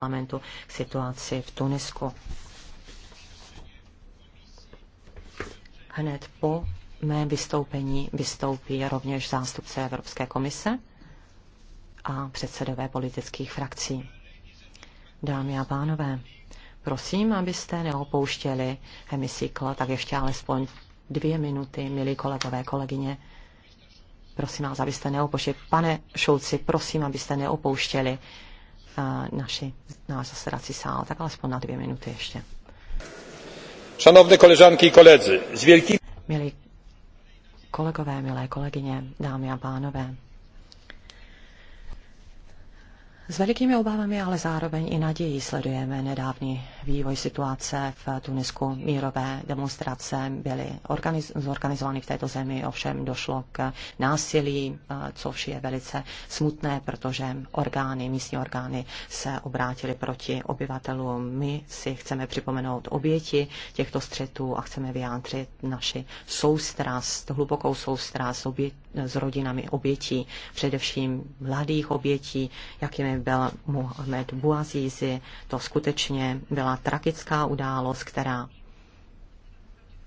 parlamentu k situaci v Tunisku. Hned po mé vystoupení vystoupí rovněž zástupce Evropské komise a předsedové politických frakcí. Dámy a pánové, prosím, abyste neopouštěli hemisykl, tak ještě alespoň dvě minuty, milí kolegové, kolegyně. Prosím vás, abyste neopouštěli. Pane Šulci, prosím, abyste neopouštěli naši, náš zasedací sál, tak alespoň na dvě minuty ještě. Šanovné koleżanki i koledzy, z wielkim... Milí kolegové, milé kolegyně, dámy a pánové, s velikými obávami, ale zároveň i naději sledujeme nedávný vývoj situace v Tunisku. Mírové demonstrace byly zorganizovány v této zemi, ovšem došlo k násilí, což je velice smutné, protože orgány, místní orgány se obrátily proti obyvatelům. My si chceme připomenout oběti těchto střetů a chceme vyjádřit naši soustrast, hlubokou soustrast obě- s rodinami obětí, především mladých obětí, jakými byl Mohamed Bouazizi. To skutečně byla tragická událost, která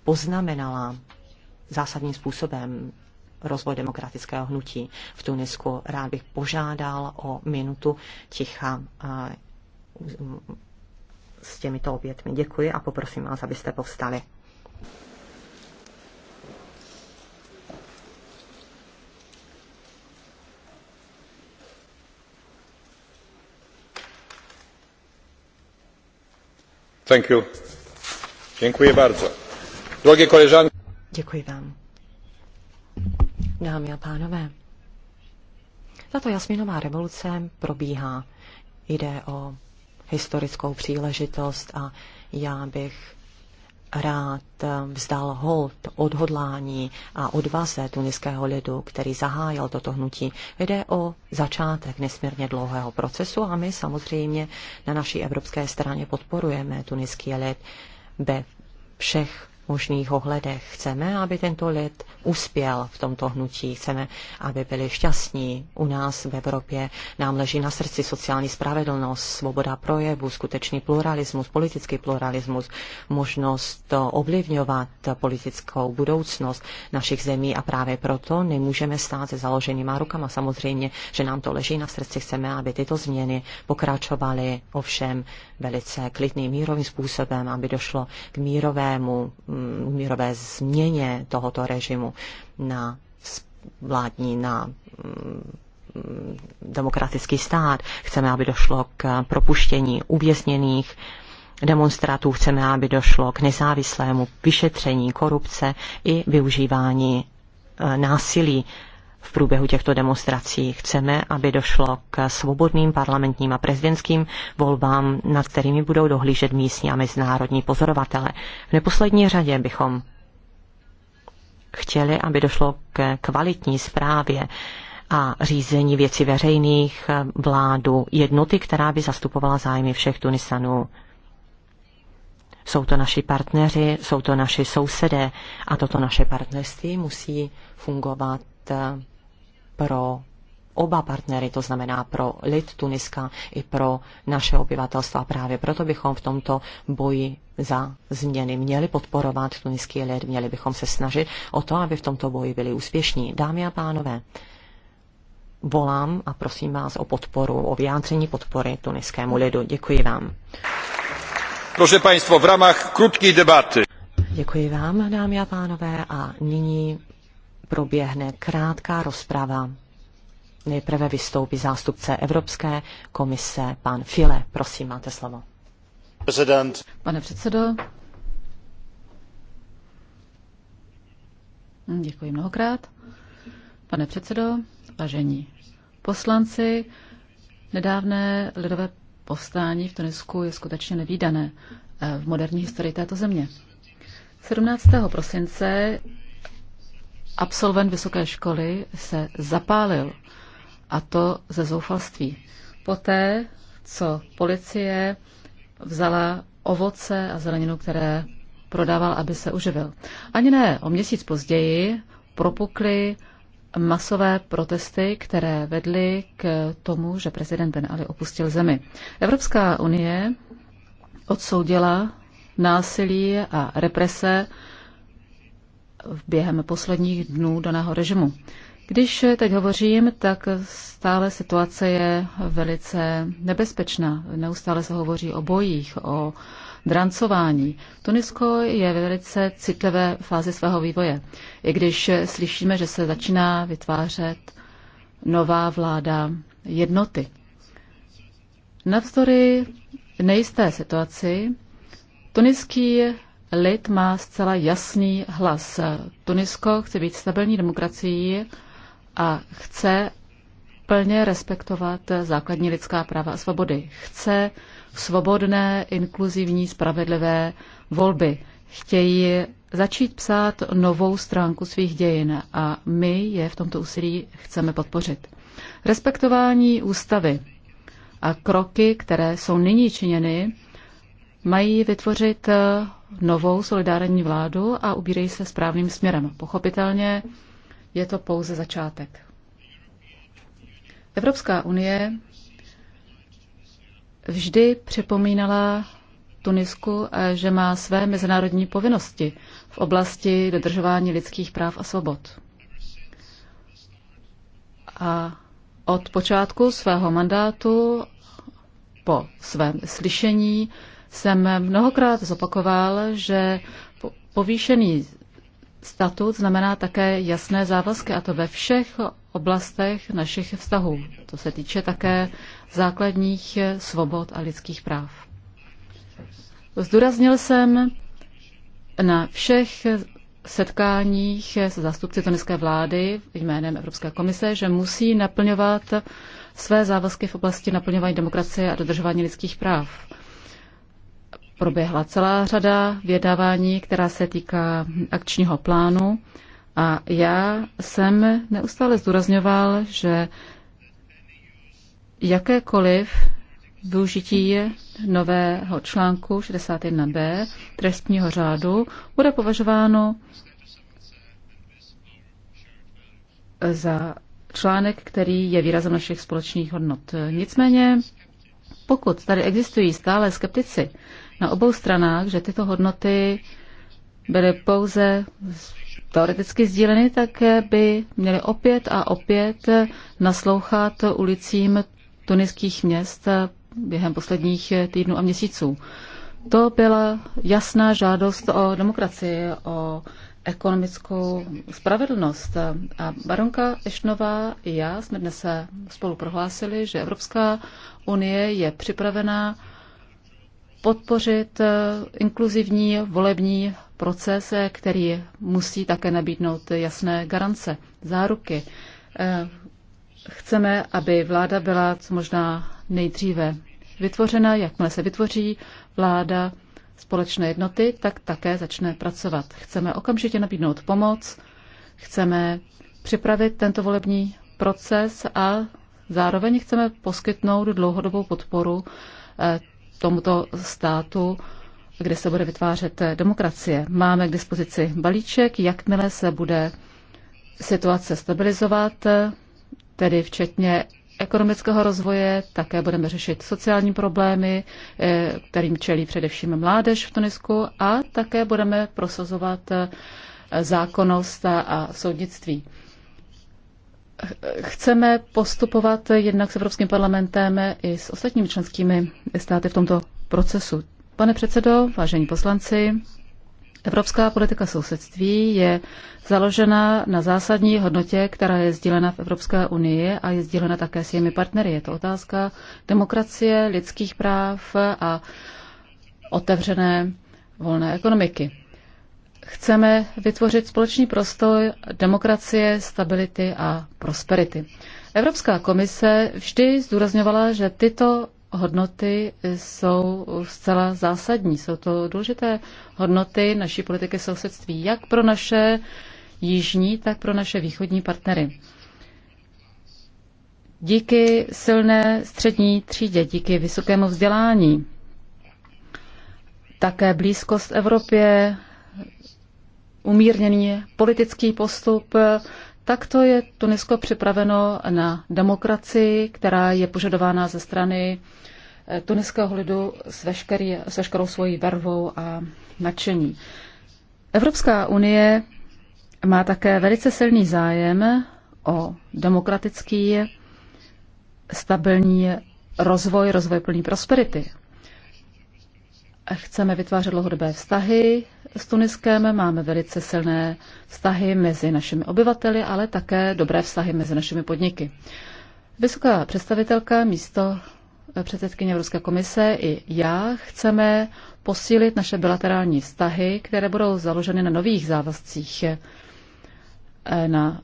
poznamenala zásadním způsobem rozvoj demokratického hnutí v Tunisku. Rád bych požádal o minutu ticha mm, s těmito obětmi. Děkuji a poprosím vás, abyste povstali. Dámy a pánové, tato jasminová revoluce probíhá. Jde o historickou příležitost a já bych rád eh, vzdal hold odhodlání a odvaze tuniského lidu, který zahájil toto hnutí. Jde o začátek nesmírně dlouhého procesu a my samozřejmě na naší evropské straně podporujeme tuniský lid ve všech možných ohledech. Chceme, aby tento lid uspěl v tomto hnutí, chceme, aby byli šťastní. U nás v Evropě nám leží na srdci sociální spravedlnost, svoboda projevu, skutečný pluralismus, politický pluralismus, možnost ovlivňovat politickou budoucnost našich zemí a právě proto nemůžeme stát se založenýma rukama. Samozřejmě, že nám to leží na srdci, chceme, aby tyto změny pokračovaly. Ovšem, velice klidným, mírovým způsobem, aby došlo k mírovému, k mm, mírové změně tohoto režimu na vládní, na mm, demokratický stát. Chceme, aby došlo k propuštění uvězněných demonstrátů, chceme, aby došlo k nezávislému vyšetření korupce i využívání e, násilí v průběhu těchto demonstrací. Chceme, aby došlo k svobodným parlamentním a prezidentským volbám, nad kterými budou dohlížet místní a mezinárodní pozorovatele. V neposlední řadě bychom chtěli, aby došlo k kvalitní zprávě a řízení věcí veřejných, eh, vládu, jednoty, která by zastupovala zájmy všech Tunisanů. Jsou to naši partneři, jsou to naši sousedé a toto naše partnerství musí fungovat pro oba partnery, to znamená pro lid Tuniska i pro naše obyvatelstva. Právě proto bychom v tomto boji za změny měli podporovat tuniský lid, měli bychom se snažit o to, aby v tomto boji byli úspěšní. Dámy a pánové, volám a prosím vás o podporu, o vyjádření podpory tuniskému lidu. Děkuji vám. Proszę Państwa, w ramach krótkiej debaty. Děkuji vám, dámy a pánové, a nyní proběhne krátká rozprava. Nejprve vystoupí zástupce Evropské komise, pan File. Prosím, máte slovo. President. Pane předsedo, děkuji mnohokrát. Pane předsedo, vážení poslanci, nedávné lidové povstání v Tunisku je skutečně nevýdané eh, v moderní historii této země. 17. prosince absolvent vysoké školy se zapálil a to ze zoufalství. Poté, co policie vzala ovoce a zeleninu, které prodával, aby se uživil. Ani ne, o měsíc později propukly masové protesty, které vedly k tomu, že prezident Ben Ali opustil zemi. Evropská unie odsoudila násilí a represe během posledních dnů daného režimu. Když teď hovořím, tak stále situace je velice nebezpečná. Neustále se hovoří o bojích, o drancování. Tunisko je ve velice citlivé fázi svého vývoje. I když slyšíme, že se začíná vytvářet nová vláda jednoty. Navzdory nejisté situaci, tuniský lid má zcela jasný hlas. Tunisko chce být stabilní demokracií a chce plně respektovat základní lidská práva a svobody. Chce svobodné, inkluzivní, spravedlivé volby. Chtějí začít psát novou stránku svých dějin a my je v tomto úsilí chceme podpořit. Respektování ústavy a kroky, které jsou nyní činěny, mají vytvořit novou solidární vládu a ubírají se správným směrem. Pochopitelně je to pouze začátek. Evropská unie vždy připomínala Tunisku, eh, že má své mezinárodní povinnosti v oblasti dodržování lidských práv a svobod. A od počátku svého mandátu po svém slyšení jsem mnohokrát zopakoval, že povýšený statut znamená také jasné závazky, a to ve všech oblastech našich vztahů. To se týče také základních svobod a lidských práv. Zdůraznil jsem na všech setkáních se zástupci tuniské vlády jménem Evropské komise, že musí naplňovat své závazky v oblasti naplňování demokracie a dodržování lidských práv proběhla celá řada vědávání, která se týká akčního plánu a já jsem neustále zdůrazňoval, že jakékoliv využití nového článku 61b trestního řádu bude považováno za článek, který je výrazem našich společných hodnot. Nicméně, pokud tady existují stále skeptici, na obou stranách, že tyto hodnoty byly pouze teoreticky sdíleny, tak by měly opět a opět naslouchat ulicím tuniských měst během posledních týdnů a měsíců. To byla jasná žádost o demokracii, o ekonomickou spravedlnost. A baronka Ešnová i já jsme dnes spolu prohlásili, že Evropská unie je připravená podpořit eh, inkluzivní volební proces, který musí také nabídnout jasné garance, záruky. Eh, chceme, aby vláda byla co možná nejdříve vytvořena. Jakmile se vytvoří vláda společné jednoty, tak také začne pracovat. Chceme okamžitě nabídnout pomoc, chceme připravit tento volební proces a zároveň chceme poskytnout dlouhodobou podporu eh, tomuto státu, kde se bude vytvářet demokracie. Máme k dispozici balíček, jakmile se bude situace stabilizovat, tedy včetně ekonomického rozvoje, také budeme řešit sociální problémy, kterým čelí především mládež v Tunisku a také budeme prosazovat zákonnost a soudnictví chceme postupovat jednak s Evropským parlamentem i s ostatními členskými státy v tomto procesu. Pane předsedo, vážení poslanci, Evropská politika sousedství je založena na zásadní hodnotě, která je sdílena v Evropské unii a je sdílena také s jejími partnery. Je to otázka demokracie, lidských práv a otevřené volné ekonomiky. Chceme vytvořit společný prostor demokracie, stability a prosperity. Evropská komise vždy zdůrazňovala, že tyto hodnoty jsou zcela zásadní. Jsou to důležité hodnoty naší politiky sousedství, jak pro naše jižní, tak pro naše východní partnery. Díky silné střední třídě, díky vysokému vzdělání, také blízkost Evropě, umírněný politický postup, takto je Tunisko připraveno na demokracii, která je požadována ze strany eh, tuniského lidu s, veškerý, s veškerou svojí vervou a nadšení. Evropská unie má také velice silný zájem o demokratický, stabilní rozvoj, rozvoj plný prosperity chceme vytvářet dlouhodobé vztahy s Tuniskem, máme velice silné vztahy mezi našimi obyvateli, ale také dobré vztahy mezi našimi podniky. Vysoká představitelka místo eh, předsedkyně Evropské komise i já chceme posílit naše bilaterální vztahy, které budou založeny na nových závazcích, eh, na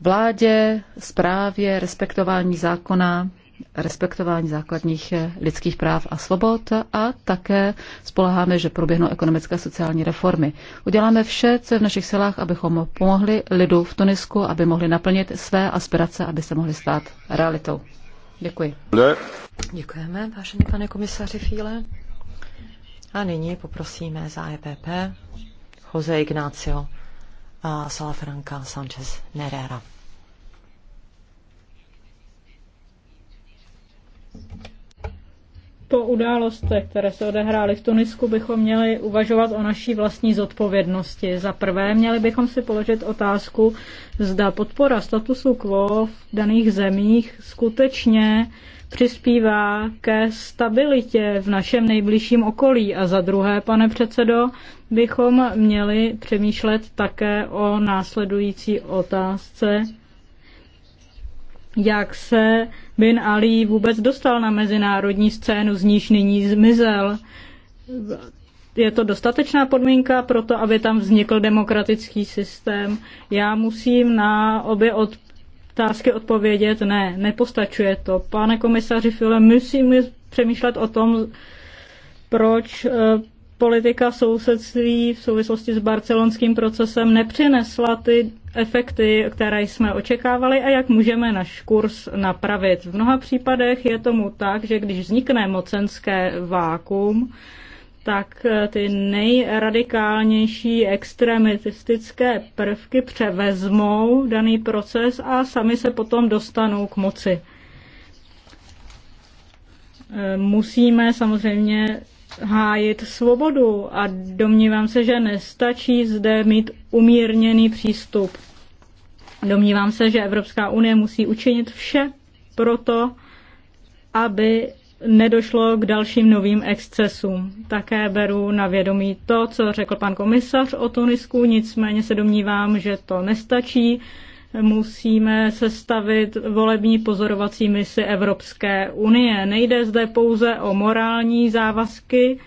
vládě, správě, respektování zákona, respektování základních eh, lidských práv a svobod a také spoleháme, že proběhnou ekonomické a sociální reformy. Uděláme vše, co je v našich silách, abychom pomohli lidu v Tunisku, aby mohli naplnit své aspirace, aby se mohli stát realitou. Děkuji. Ne. Děkujeme, vážený pane komisaři Fíle. A nyní poprosíme za EPP Jose Ignacio a Salafranca Sanchez Nerera. Po událostech, které se odehrály v Tunisku, bychom měli uvažovat o naší vlastní zodpovědnosti. Za prvé, měli bychom si položit otázku, zda podpora statusu quo v daných zemích skutečně přispívá ke stabilitě v našem nejbližším okolí. A za druhé, pane předsedo, bychom měli přemýšlet také o následující otázce jak se Bin Ali vůbec dostal na mezinárodní scénu, z níž nyní zmizel. Je to dostatečná podmínka pro to, aby tam vznikl demokratický systém. Já musím na obě od otázky odpovědět, ne, nepostačuje to. Pane komisaři File, musíme přemýšlet o tom, proč eh, politika sousedství v souvislosti s barcelonským procesem nepřinesla ty efekty, které jsme očekávali a jak můžeme náš kurz napravit. V mnoha případech je tomu tak, že když vznikne mocenské vákum, tak eh, ty nejradikálnější extremistické prvky převezmou daný proces a sami se potom dostanou k moci. Eh, musíme samozřejmě hájit svobodu a domnívám se, že nestačí zde mít umírněný přístup. Domnívám se, že Evropská unie musí učinit vše proto, aby nedošlo k dalším novým excesům. Také beru na vědomí to, co řekl pan komisař o Tunisku, nicméně se domnívám, že to nestačí musíme sestavit volební pozorovací misi Evropské unie. Nejde zde pouze o morální závazky,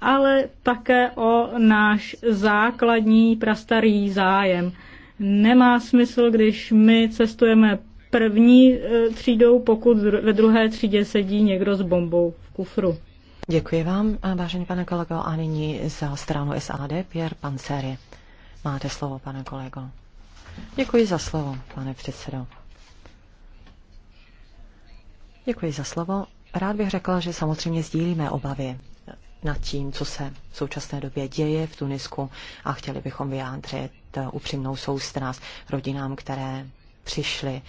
ale také o náš základní prastarý zájem. Nemá smysl, když my cestujeme první e, třídou, pokud ve druhé třídě sedí někdo s bombou v kufru. Děkuji vám, vážený pane kolego, a nyní za stranu SAD Pierre Panceri. Máte slovo, pane kolego. Děkuji za slovo, pane předsedo. Děkuji za slovo. Rád bych řekla, že samozřejmě sdílíme obavy nad tím, co se v současné době děje v Tunisku a chtěli bychom vyjádřit upřímnou soustrast rodinám, které přišly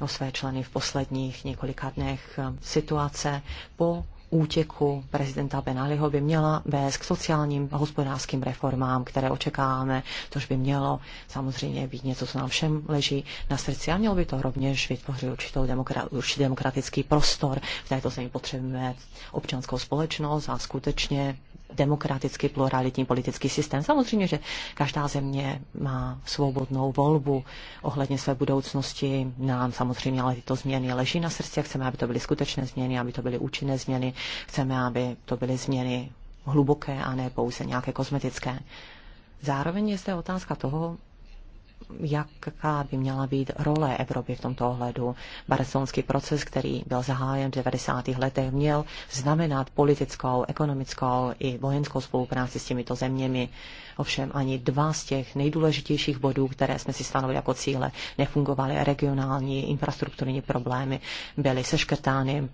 o své členy v posledních několika dnech situace po útěku prezidenta Benaliho by měla vést k sociálním a hospodářským reformám, které očekáváme, což by mělo samozřejmě být něco, co nám všem leží na srdci a mělo by to rovněž vytvořit určitou demokra- určitý demokratický prostor. V této zemi potřebujeme občanskou společnost a skutečně demokratický pluralitní politický systém. Samozřejmě, že každá země má svobodnou volbu ohledně své budoucnosti. Nám samozřejmě ale tyto změny leží na srdci. Chceme, aby to byly skutečné změny, aby to byly účinné změny. Chceme, aby to byly změny hluboké a ne pouze nějaké kosmetické. Zároveň je zde otázka toho, jaká by měla být role Evropy v tomto ohledu. Barcelonský proces, který byl zahájen v 90. letech, měl znamenat politickou, ekonomickou i vojenskou spolupráci s těmito zeměmi. Ovšem ani dva z těch nejdůležitějších bodů, které jsme si stanovili jako cíle, nefungovaly. Regionální infrastrukturní problémy byly seškrtány,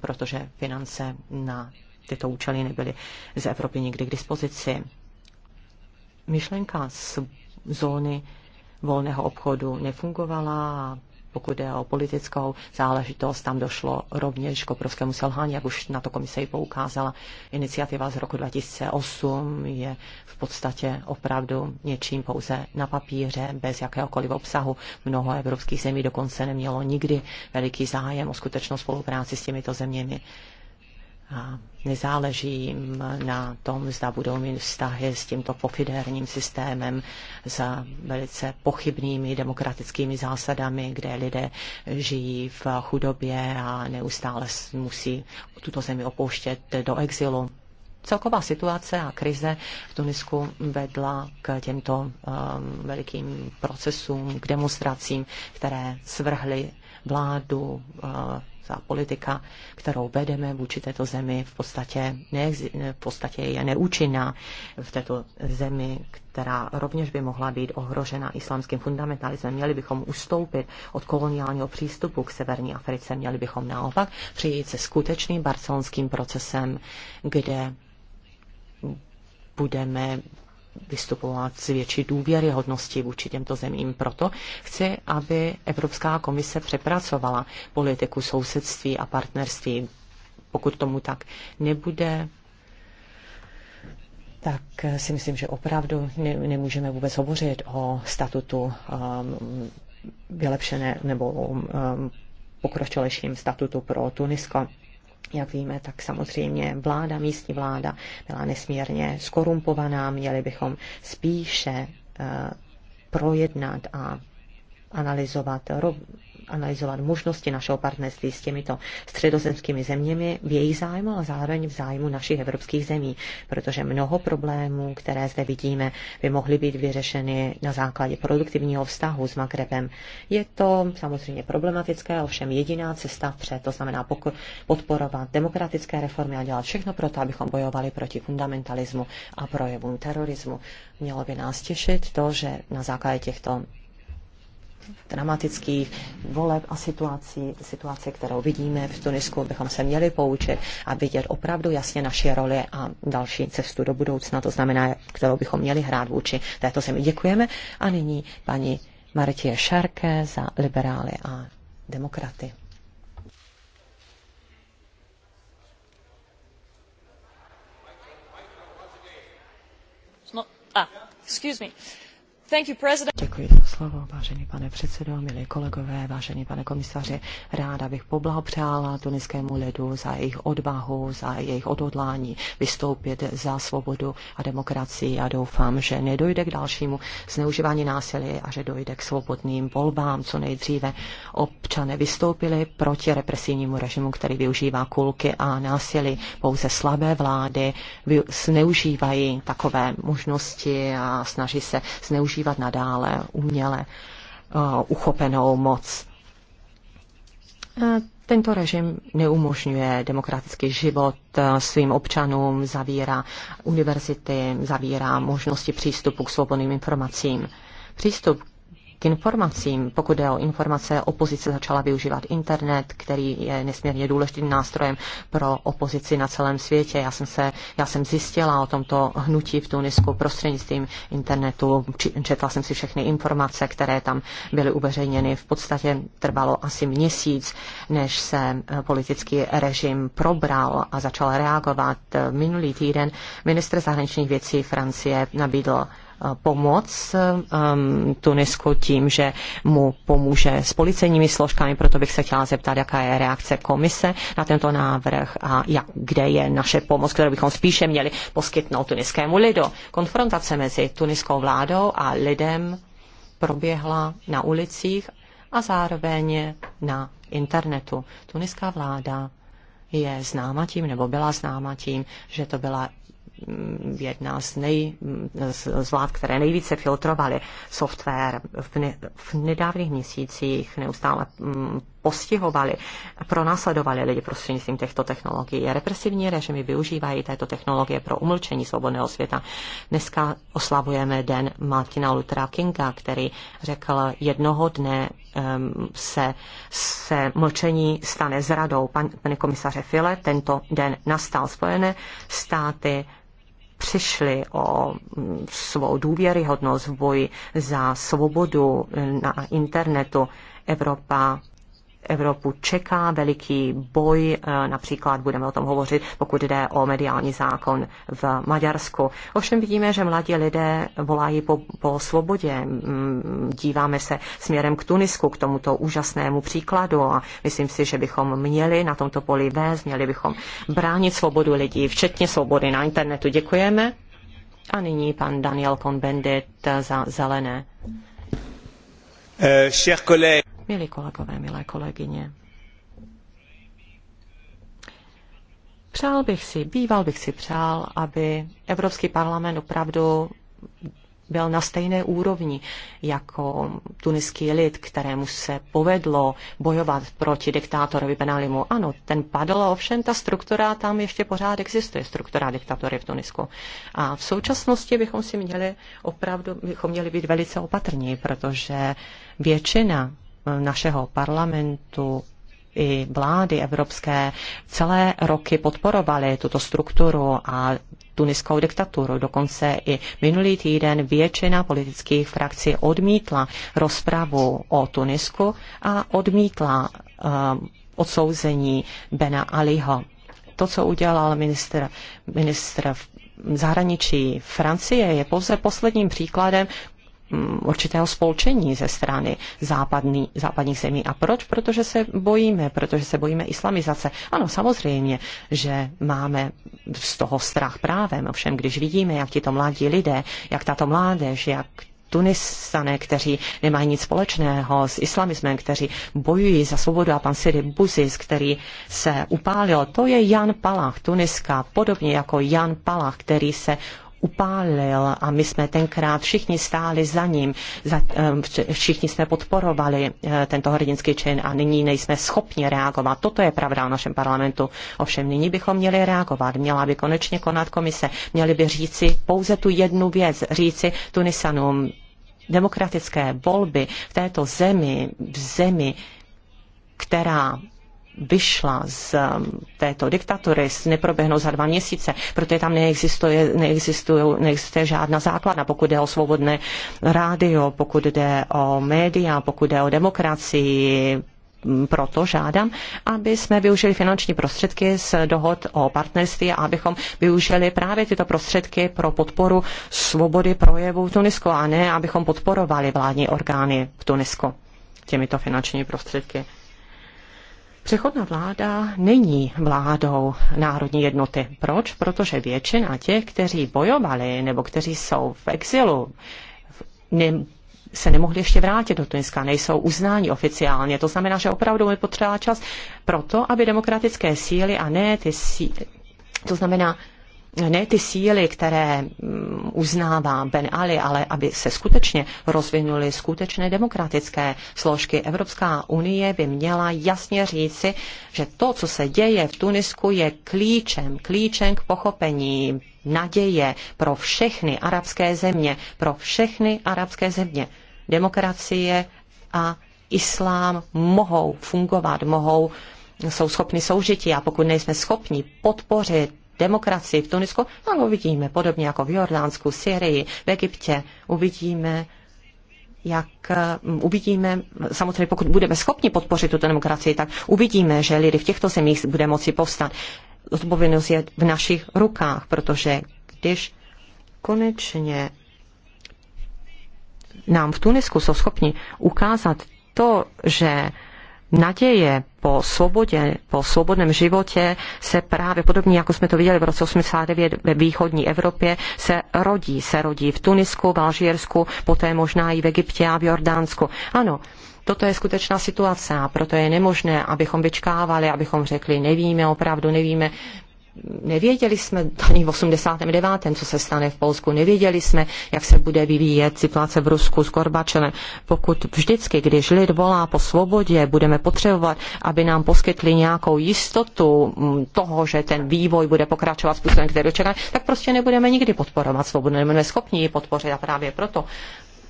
protože finance na tyto účely nebyly z Evropy nikdy k dispozici. Myšlenka z zóny volného obchodu nefungovala a pokud je o politickou záležitost, tam došlo rovněž k obrovskému selhání, jak už na to komise i poukázala. Iniciativa z roku 2008 je v podstatě opravdu něčím pouze na papíře, bez jakéhokoliv obsahu. Mnoho evropských zemí dokonce nemělo nikdy veliký zájem o skutečnou spolupráci s těmito zeměmi nezáleží jim na tom, zda budou mít vztahy s tímto pofidérním systémem, za velice pochybnými demokratickými zásadami, kde lidé žijí v chudobě a neustále musí tuto zemi opouštět do exilu. Celková situace a krize v Tunisku vedla k těmto um, velikým procesům, k demonstracím, které svrhly vládu, eh, za politika, kterou vedeme vůči této zemi, v podstatě, neexi- v podstatě je neúčinná v této zemi, která rovněž by mohla být ohrožena islámským fundamentalismem. Měli bychom ustoupit od koloniálního přístupu k Severní Africe, měli bychom naopak přijít se skutečným barcelonským procesem, kde budeme vystupovat s větší důvěryhodností vůči těmto zemím. Proto chci, aby Evropská komise přepracovala politiku sousedství a partnerství. Pokud tomu tak nebude, tak si myslím, že opravdu ne, nemůžeme vůbec hovořit o statutu um, vylepšené nebo um, pokročilejším statutu pro Tunisko jak víme, tak samozřejmě vláda, místní vláda byla nesmírně skorumpovaná. Měli bychom spíše eh, projednat a analyzovat, analyzovat možnosti našeho partnerství s těmito středozemskými zeměmi v jejich zájmu a zároveň v zájmu našich evropských zemí, protože mnoho problémů, které zde vidíme, by mohly být vyřešeny na základě produktivního vztahu s Magrebem. Je to samozřejmě problematické, ovšem jediná cesta vpřed, to znamená podporovat demokratické reformy a dělat všechno pro to, abychom bojovali proti fundamentalismu a projevům terorismu. Mělo by nás těšit to, že na základě těchto dramatických voleb a situací, situace, kterou vidíme v Tunisku, bychom se měli poučit a vidět opravdu jasně naše roli a další cestu do budoucna, to znamená, kterou bychom měli hrát vůči této zemi. Děkujeme a nyní paní Martě Šarke za liberály a demokraty. No, ah, excuse me. Děkuji za slovo, vážený pane předsedo, milí kolegové, vážený pane komisaři. Ráda bych poblahopřála tuniskému lidu za jejich odvahu, za jejich odhodlání vystoupit za svobodu a demokracii a doufám, že nedojde k dalšímu zneužívání násilí a že dojde k svobodným volbám co nejdříve. Občané vystoupili proti represivnímu režimu, který využívá kulky a násilí. Pouze slabé vlády zneužívají takové možnosti a snaží se zneužívat využívat nadále uměle eh, uchopenou moc. Eh, tento režim neumožňuje demokratický život eh, svým občanům, zavírá univerzity, zavírá možnosti přístupu k svobodným informacím. Přístup k informacím. Pokud je o informace, opozice začala využívat internet, který je nesmírně důležitým nástrojem pro opozici na celém světě. Já jsem, se, já jsem zjistila o tomto hnutí v Tunisku prostřednictvím internetu. Četla jsem si všechny informace, které tam byly uveřejněny. V podstatě trvalo asi měsíc, než se eh, politický režim probral a začal reagovat. Minulý týden minister zahraničních věcí Francie nabídl pomoc um, Tunisku tím, že mu pomůže s policejními složkami, proto bych se chtěla zeptat, jaká je reakce komise na tento návrh a jak, kde je naše pomoc, kterou bychom spíše měli poskytnout tuniskému lidu. Konfrontace mezi tuniskou vládou a lidem proběhla na ulicích a zároveň na internetu. Tuniská vláda je známa tím, nebo byla známa tím, že to byla jedna z, nej, z vlád, které nejvíce filtrovaly software v, ne, v nedávných měsících, neustále mm, postihovali, pronásledovali lidi prostřednictvím těchto technologií. Represivní režimy využívají této technologie pro umlčení svobodného světa. Dneska oslavujeme den Martina Luthera Kinga, který řekl, jednoho dne um, se, se mlčení stane zradou. Pan, pane komisaře File, tento den nastal Spojené státy přišli o mm, svou důvěryhodnost v boji za svobodu na internetu. Evropa Evropu čeká veliký boj, eh, například budeme o tom hovořit, pokud jde o mediální zákon v Maďarsku. Ovšem vidíme, že mladí lidé volají po, po svobodě. Mm, díváme se směrem k Tunisku, k tomuto úžasnému příkladu a myslím si, že bychom měli na tomto poli vést, měli bychom bránit svobodu lidí, včetně svobody na internetu. Děkujeme. A nyní pan Daniel Konbendit za zelené. Eh, Milí kolegové, milé kolegyně, přál bych si, býval bych si přál, aby Evropský parlament opravdu byl na stejné úrovni jako tuniský lid, kterému se povedlo bojovat proti diktátorovi Benalimu. Ano, ten padl, ovšem ta struktura tam ještě pořád existuje, struktura diktatury v Tunisku. A v současnosti bychom si měli opravdu, bychom měli být velice opatrní, protože většina eh, našeho parlamentu i vlády evropské celé roky podporovaly tuto strukturu a tuniskou diktaturu. Dokonce i minulý týden většina politických frakcí odmítla rozpravu o Tunisku a odmítla uh, odsouzení Bena Aliho. To, co udělal ministr, ministr zahraničí Francie je pouze posledním příkladem Mm, určitého spolčení ze strany západní, západních zemí. A proč? Protože se bojíme, protože se bojíme islamizace. Ano, samozřejmě, že máme z toho strach právem. Ovšem, když vidíme, jak tito mladí lidé, jak tato mládež, jak Tunisané, kteří nemají nic společného s islamismem, kteří bojují za svobodu a pan Siri Buzis, který se upálil. To je Jan Palach, Tuniska, podobně jako Jan Palach, který se upálil a my jsme tenkrát všichni stáli za ním, za, ehm, všichni jsme podporovali eh, tento hrdinský čin a nyní nejsme schopni reagovat. Toto je pravda o našem parlamentu. Ovšem nyní bychom měli reagovat, měla by konečně konat komise, měli by říci pouze tu jednu věc, říci Tunisanům, demokratické volby v této zemi, v zemi, která vyšla z um, této diktatury, neproběhnou za dva měsíce, protože tam neexistuje, neexistuje, neexistuje žádná základna, pokud jde o svobodné rádio, pokud jde o média, pokud jde o demokracii, proto žádám, aby jsme využili finanční prostředky z dohod o partnerství a abychom využili právě tyto prostředky pro podporu svobody projevu v Tunisku a ne, abychom podporovali vládní orgány v Tunisku těmito finančními prostředky. Přechodná vláda není vládou národní jednoty. Proč? Protože většina těch, kteří bojovali nebo kteří jsou v exilu, ne, se nemohli ještě vrátit do Tuniska, nejsou uznáni oficiálně. To znamená, že opravdu je potřeba čas pro to, aby demokratické síly a ne ty síly, to znamená ne ty síly, které mm, uznává Ben Ali, ale aby se skutečně rozvinuly skutečné demokratické složky. Evropská unie by měla jasně říci, že to, co se děje v Tunisku, je klíčem, klíčem k pochopení naděje pro všechny arabské země, pro všechny arabské země. Demokracie a islám mohou fungovat, mohou jsou schopni soužití a pokud nejsme schopni podpořit demokracii v Tunisku, tak no, uvidíme, podobně jako v Jordánsku, Syrii, v Egyptě, uvidíme, jak mm, uvidíme, samozřejmě pokud budeme schopni podpořit tuto demokracii, tak uvidíme, že lidi v těchto zemích bude moci povstat. Odpovědnost je v našich rukách, protože když konečně nám v Tunisku jsou schopni ukázat to, že naděje po svobodě, po svobodném životě se právě podobně, jako jsme to viděli v roce 89 ve východní Evropě, se rodí. Se rodí v Tunisku, v Alžírsku, poté možná i v Egyptě a v Jordánsku. Ano, Toto je skutečná situace a proto je nemožné, abychom vyčkávali, abychom řekli, nevíme, opravdu nevíme, Nevěděli jsme ani v 89. co se stane v Polsku, nevěděli jsme, jak se bude vyvíjet situace v Rusku s Gorbačem. Pokud vždycky, když lid volá po svobodě, budeme potřebovat, aby nám poskytli nějakou jistotu mm, toho, že ten vývoj bude pokračovat způsobem, který čeká, tak prostě nebudeme nikdy podporovat svobodu, nebudeme schopni ji podpořit a právě proto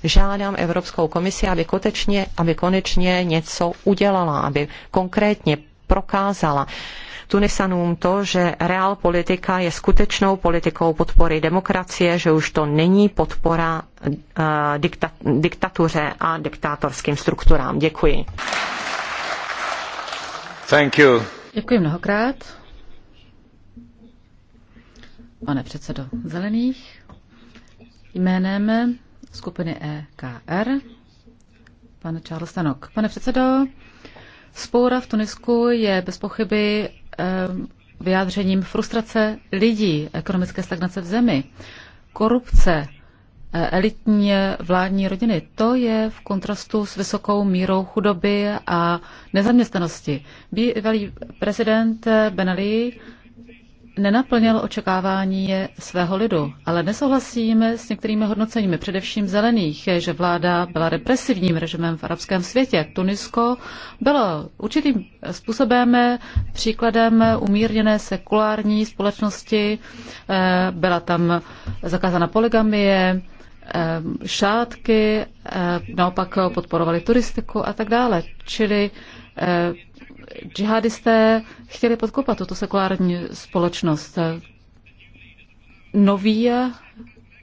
žádám Evropskou komisi, aby konečně, aby konečně něco udělala, aby konkrétně prokázala, Tunisanům to, že reál politika je skutečnou politikou podpory demokracie, že už to není podpora eh, dikta, diktatuře a diktátorským strukturám. Děkuji. Thank you. Děkuji mnohokrát. Pane předsedo Zelených, jménem skupiny EKR, pan Charles Tanok. Pane předsedo, spoura v Tunisku je bez pochyby Eh, vyjádřením frustrace lidí, ekonomické stagnace v zemi, korupce, eh, elitní vládní rodiny. To je v kontrastu s vysokou mírou chudoby a nezaměstnanosti. Bývalý prezident Ben Ali nenaplnil očekávání svého lidu, ale nesouhlasíme s některými hodnoceními, především zelených, že vláda byla represivním režimem v arabském světě. Tunisko bylo určitým způsobem příkladem umírněné sekulární společnosti, eh, byla tam zakázána poligamie, eh, šátky, eh, naopak podporovali turistiku a tak dále. Čili džihadisté chtěli podkopat tuto sekulární společnost. Noví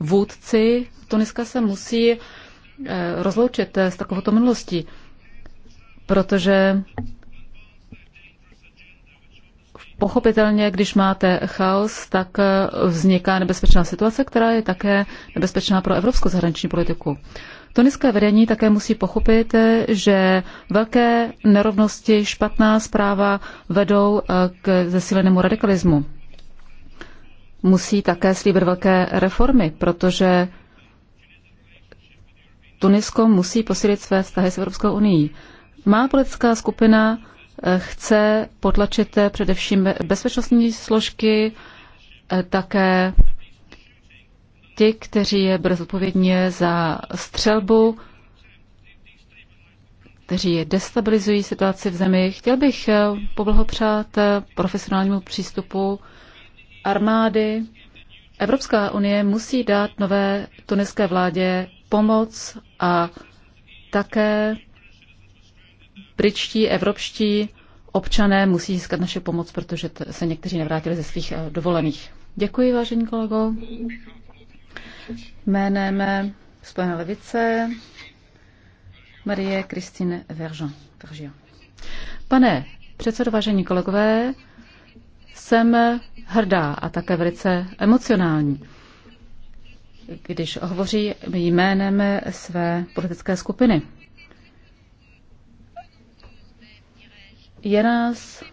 vůdci Tuniska se musí eh, rozloučit eh, s takovouto minulostí, protože pochopitelně, když máte chaos, tak eh, vzniká nebezpečná situace, která je také nebezpečná pro evropskou zahraniční politiku. Tuniské vedení také musí pochopit, že velké nerovnosti, špatná zpráva vedou eh, k zesílenému radikalismu. Musí také slíbit velké reformy, protože Tunisko musí posílit své vztahy s Evropskou unii. Má politická skupina eh, chce potlačit eh, především bezpečnostní složky, také ti, kteří je byli zodpovědně za střelbu, kteří je destabilizují situaci v zemi. Chtěl bych eh, poblahopřát eh, profesionálnímu přístupu armády. Evropská unie musí dát nové tuniské vládě pomoc a také britští, evropští občané musí získat naše pomoc, protože se někteří nevrátili ze svých eh, dovolených. Děkuji, vážení kolego jménem eh, Spojené levice Marie Christine Vergeon. Pane předsedo, vážení kolegové, jsem hrdá a také velice emocionální, když hovoří jménem své politické skupiny. Je nás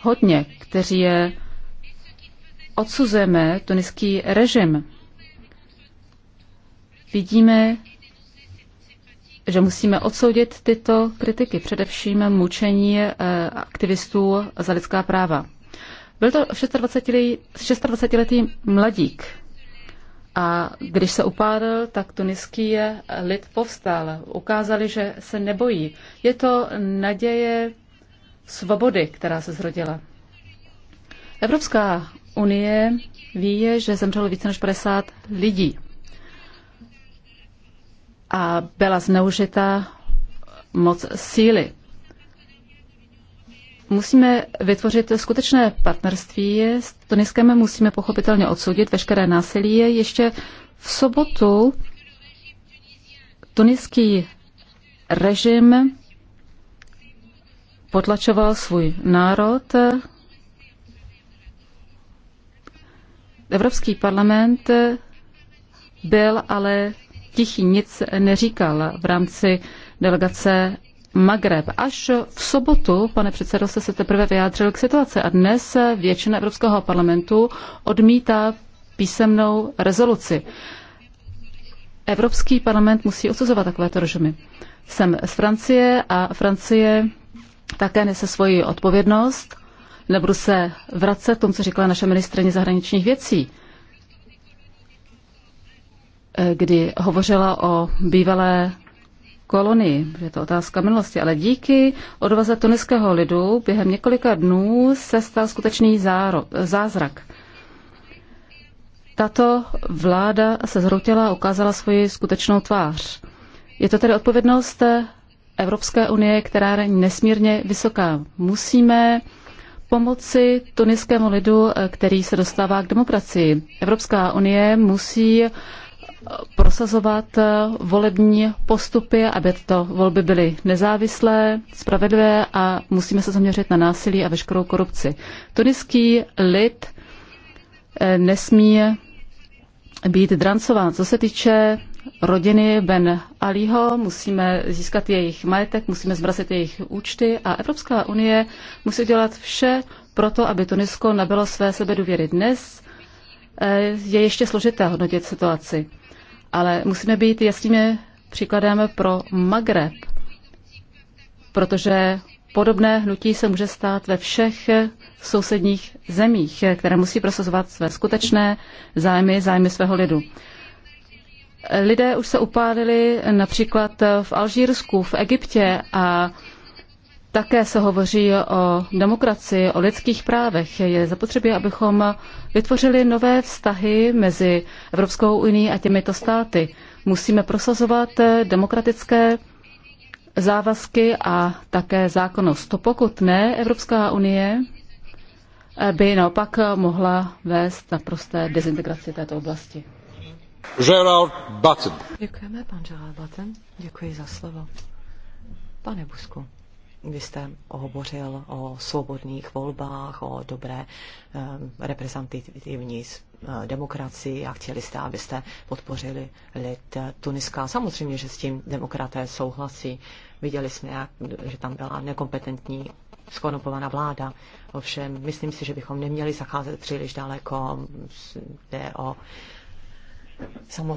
hodně, kteří je odsuzujeme tuniský režim. Vidíme, že musíme odsoudit tyto kritiky, především mučení eh, aktivistů za lidská práva. Byl to 26-letý 26 mladík a když se upádl, tak tuniský lid povstal. Ukázali, že se nebojí. Je to naděje svobody, která se zrodila. Evropská unie ví, že zemřelo více než 50 lidí a byla zneužita moc síly. Musíme vytvořit skutečné partnerství. S Tuniskem musíme pochopitelně odsoudit veškeré násilí. Ještě v sobotu tuniský režim potlačoval svůj národ, Evropský parlament byl ale tichý, nic neříkal v rámci delegace Magreb. Až v sobotu, pane předsedo, se se teprve vyjádřil k situaci a dnes většina Evropského parlamentu odmítá písemnou rezoluci. Evropský parlament musí odsuzovat takovéto režimy. Jsem z Francie a Francie také nese svoji odpovědnost Nebudu se vracet k tomu, co říkala naše ministrině zahraničních věcí, eh, kdy hovořila o bývalé kolonii, je to otázka minulosti, ale díky odvaze tuniského lidu během několika dnů se stal skutečný záro, zázrak. Tato vláda se zhroutila a ukázala svoji skutečnou tvář. Je to tedy odpovědnost Evropské unie, která je nesmírně vysoká. Musíme pomoci tuniskému lidu, který se dostává k demokracii. Evropská unie musí eh, prosazovat eh, volební postupy, aby to volby byly nezávislé, spravedlivé a musíme se zaměřit na násilí a veškerou korupci. Tuniský lid eh, nesmí být drancován. Co se týče rodiny Ben Aliho, musíme získat jejich majetek, musíme zmrazit jejich účty a Evropská unie musí dělat vše pro to, aby Tunisko nabilo své sebedůvěry dnes. Eh, je ještě složité hodnotit situaci, ale musíme být jasnými příkladem pro Magreb, protože podobné hnutí se může stát ve všech sousedních zemích, které musí prosazovat své skutečné zájmy, zájmy svého lidu. Lidé už se upálili například v Alžírsku, v Egyptě a také se hovoří o demokracii, o lidských právech. Je zapotřebí, abychom vytvořili nové vztahy mezi Evropskou unii a těmito státy. Musíme prosazovat demokratické závazky a také zákonnost. Pokud ne, Evropská unie by naopak mohla vést na prosté dezintegraci této oblasti. Gerald Button. Děkujeme, pan Gerald Button. Děkuji za slovo. Pane Busku, vy jste hovořil o svobodných volbách, o dobré um, reprezentativní eh, demokracii a chtěli jste, abyste podpořili lid Tuniska. Samozřejmě, že s tím demokraté souhlasí. Viděli jsme, jak, že tam byla nekompetentní skonopovaná vláda. Ovšem, myslím si, že bychom neměli zacházet příliš daleko. Jde o uh,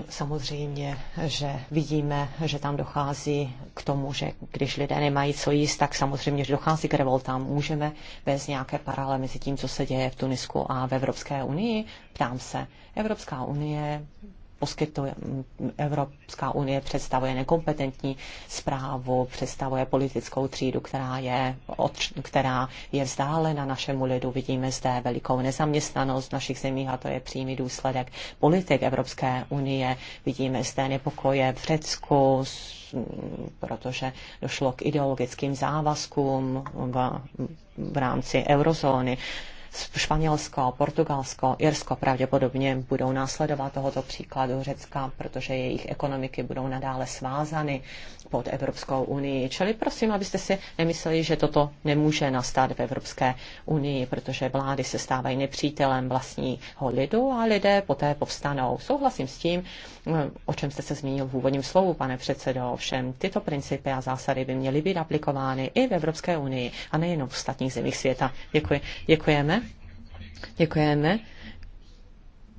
Samozřejmě, že vidíme, že tam dochází k tomu, že když lidé nemají co jíst, tak samozřejmě, že dochází k revoltám. Můžeme bez nějaké paralely mezi tím, co se děje v Tunisku a v Evropské unii? Ptám se. Evropská unie poskytuje Evropská unie, představuje nekompetentní zprávu, představuje politickou třídu, která je, od, která je vzdálena našemu lidu. Vidíme zde velikou nezaměstnanost v našich zemích a to je přímý důsledek politik Evropské unie. Vidíme zde nepokoje v Řecku, protože došlo k ideologickým závazkům v, v rámci eurozóny. Španělsko, Portugalsko, Irsko pravděpodobně budou následovat tohoto příkladu Řecka, protože jejich ekonomiky budou nadále svázany pod Evropskou unii. Čili prosím, abyste si nemysleli, že toto nemůže nastat v Evropské unii, protože vlády se stávají nepřítelem vlastního lidu a lidé poté povstanou. Souhlasím s tím, eh, o čem jste se zmínil v úvodním slovu, pane předsedo. Ovšem, tyto principy a zásady by měly být aplikovány i v Evropské unii a nejenom v ostatních zemích světa. Děkuji. Děkujeme. Děkujeme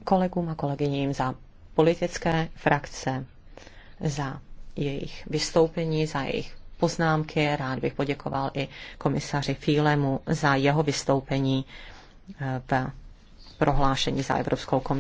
kolegům a kolegyním za politické frakce, za jejich vystoupení, za jejich poznámky. Rád bych poděkoval i komisaři Fílemu za jeho vystoupení eh, v prohlášení za Evropskou komisi.